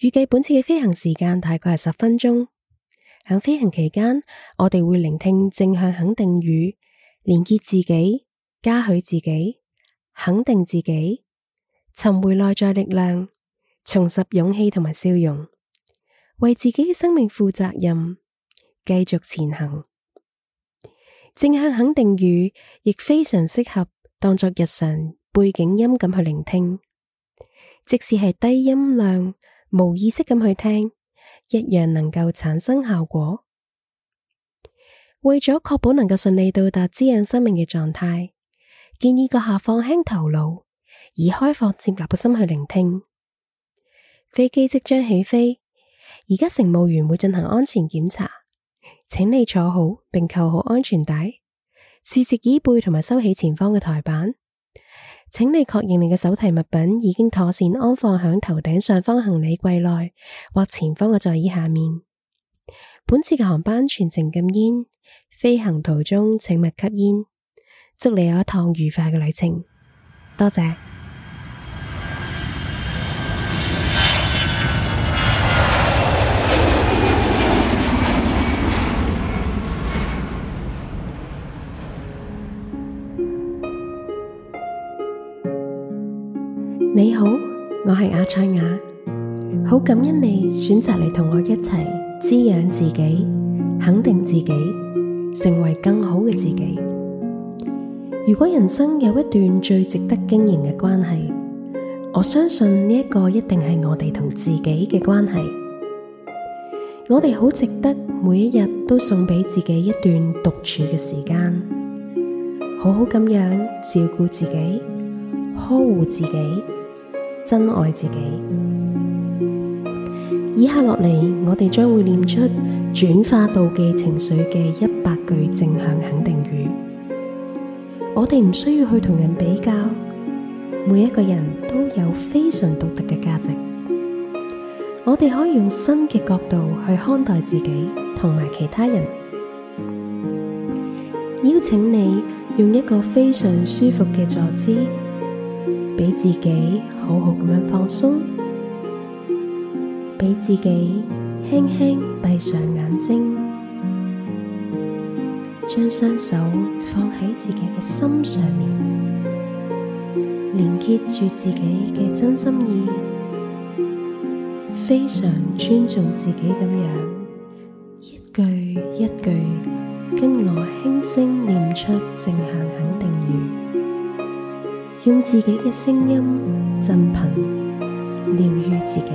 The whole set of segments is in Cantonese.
預計本次嘅飛行時間大概係十分鐘。喺飛行期間，我哋會聆聽正向肯定語，連接自己，嘉許自己，肯定自己，尋回內在力量，重拾勇氣同埋笑容，為自己嘅生命負責任，繼續前行。正向肯定語亦非常適合當作日常背景音咁去聆聽，即使係低音量。無意識咁去聽，一樣能夠產生效果。為咗確保能夠順利到達滋養生命嘅狀態，建議閣下放輕頭腦，以開放接納嘅心去聆聽。飛機即將起飛，而家乘務員會進行安全檢查，請你坐好並扣好安全帶，豎直椅背同埋收起前方嘅台板。請你確認你嘅手提物品已經妥善安放響頭頂上方行李櫃內，或前方嘅座椅下面。本次嘅航班全程禁煙，飛行途中請勿吸煙。祝你有一趟愉快嘅旅程，多謝。你好，我係亞賽雅，好感恩你選擇嚟，同我一齊滋養自己、肯定自己、成為更好嘅自己。如果人生有一段最值得經營嘅關係，我相信呢一個一定係我哋同自己嘅關係。我哋好值得每一日都送俾自己一段獨處嘅時間，好好咁樣照顧自己、呵護自己。真愛自己。以下落嚟，我哋將會唸出轉化妒忌情緒嘅一百句正向肯定語。我哋唔需要去同人比較，每一個人都有非常獨特嘅價值。我哋可以用新嘅角度去看待自己同埋其他人。邀請你用一個非常舒服嘅坐姿。俾自己好好咁樣放鬆，俾自己輕輕閉上眼睛，將雙手放喺自己嘅心上面，連接住自己嘅真心意，非常尊重自己咁樣，一句一句跟我輕聲念出正向肯定語。用自己嘅聲音振頻，療愈自己。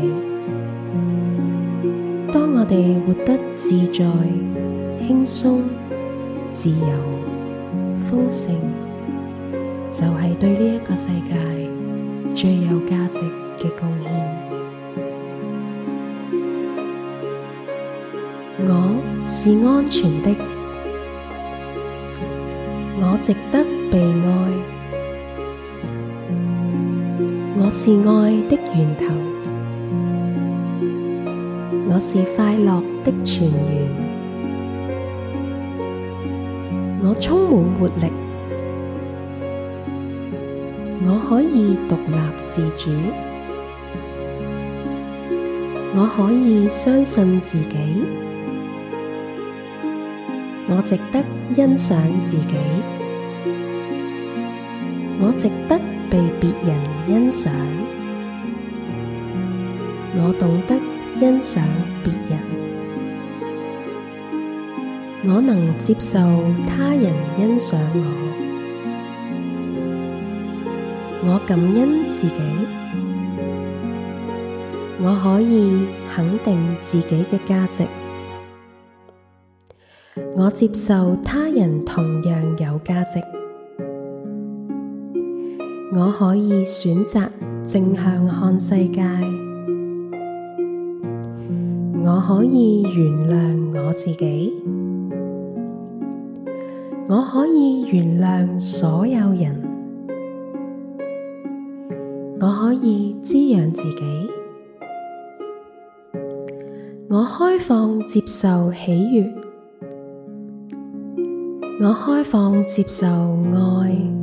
當我哋活得自在、輕鬆、自由、豐盛，就係、是、對呢一個世界最有價值嘅貢獻。我是安全的，我值得被愛。我是愛的源頭，我是快樂的泉源，我充滿活力，我可以獨立自主，我可以相信自己，我值得欣賞自己，我值得被別人欣賞，我懂得欣賞別人，我能接受他人欣賞我，我感恩自己，我可以肯定自己嘅價值，我接受他人同樣有價值。我可以選擇正向看世界，我可以原諒我自己，我可以原諒所有人，我可以滋養自己，我開放接受喜悅，我開放接受愛。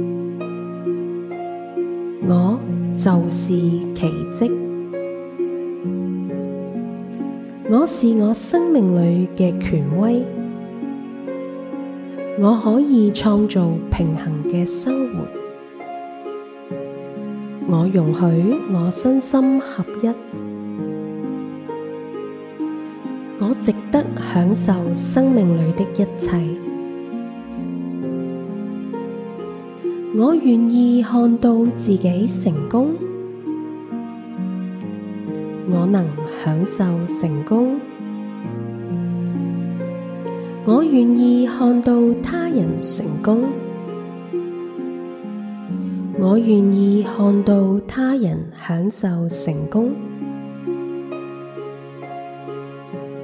就是奇蹟。我是我生命裏嘅權威，我可以創造平衡嘅生活。我容許我身心合一，我值得享受生命裏的一切。我願意看到自己成功，我能享受成功。我願意看到他人成功，我願意看到他人享受成功，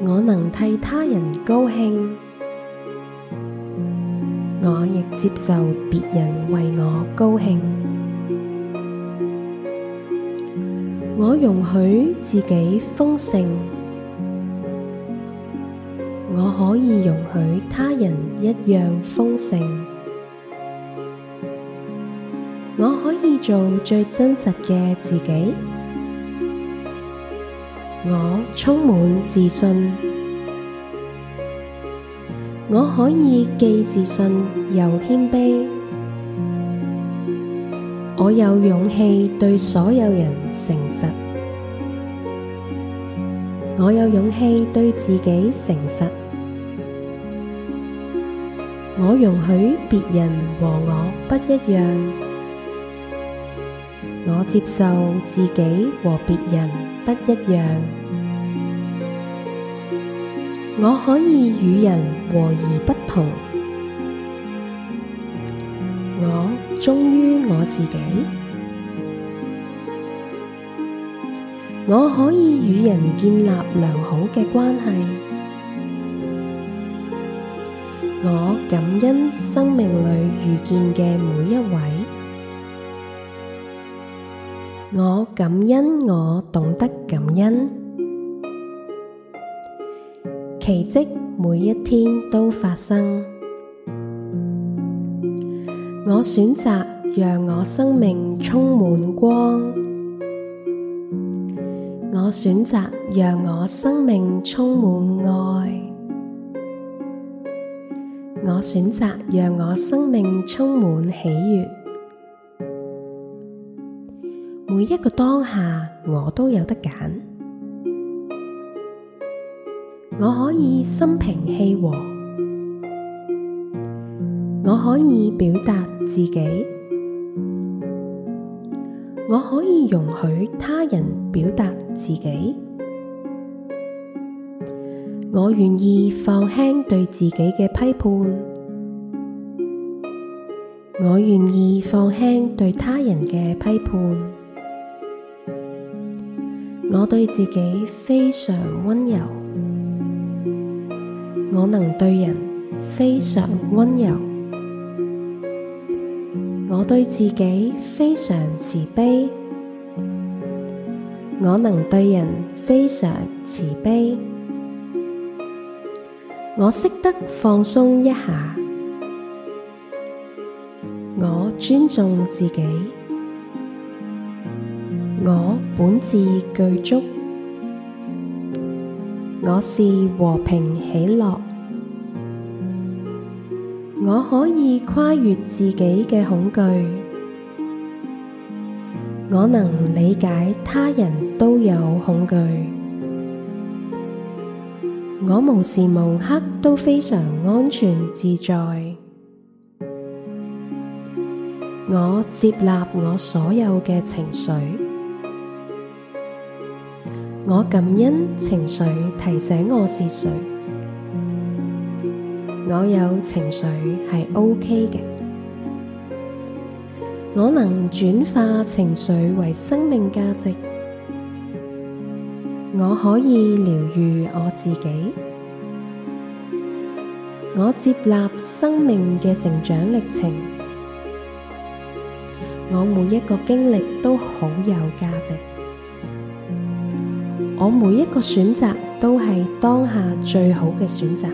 我能替他人高興。我亦接受別人為我高興，我容許自己豐盛，我可以容許他人一樣豐盛，我可以做最真實嘅自己，我充滿自信。我可以既自信又謙卑，我有勇氣對所有人誠實，我有勇氣對自己誠實，我容許別人和我不一樣，我接受自己和別人不一樣。我可以與人和而不同，我忠於我自己。我可以與人建立良好嘅關係，我感恩生命裏遇見嘅每一位，我感恩我懂得感恩。奇蹟每一天都發生。我選擇讓我生命充滿光。我選擇讓我生命充滿愛。我選擇讓我生命充滿喜悦。每一個當下，我都有得揀。我可以心平氣和，我可以表達自己，我可以容許他人表達自己，我願意放輕對自己嘅批判，我願意放輕對他人嘅批判，我對自己非常温柔。我能對人非常温柔，我對自己非常慈悲，我能對人非常慈悲，我識得放鬆一下，我尊重自己，我本自具足。我是和平喜樂，我可以跨越自己嘅恐懼，我能理解他人都有恐懼，我無時無刻都非常安全自在，我接納我所有嘅情緒。我感恩情緒提醒我是誰，我有情緒係 OK 嘅，我能轉化情緒為生命價值，我可以療癒我自己，我接納生命嘅成長歷程，我每一個經歷都好有價值。我每一個選擇都係當下最好嘅選擇，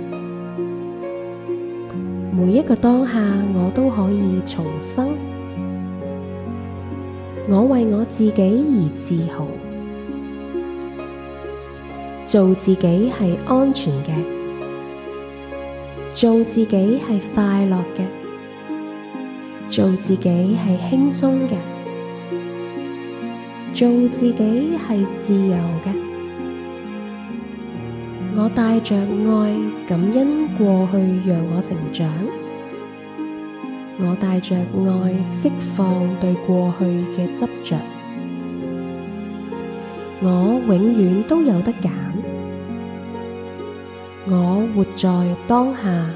每一個當下我都可以重生。我為我自己而自豪，做自己係安全嘅，做自己係快樂嘅，做自己係輕鬆嘅，做自己係自由嘅。我帶着愛感恩過去讓我成長，我帶着愛釋放對過去嘅執着，我永遠都有得揀，我活在當下，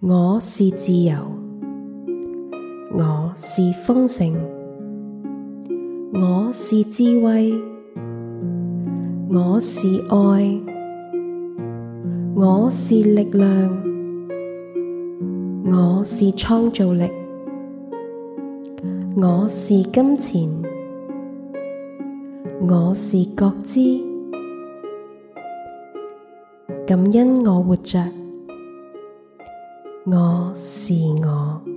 我是自由，我是豐盛，我是智慧。我是愛，我是力量，我是創造力，我是金錢，我是覺知，感恩我活着，我是我。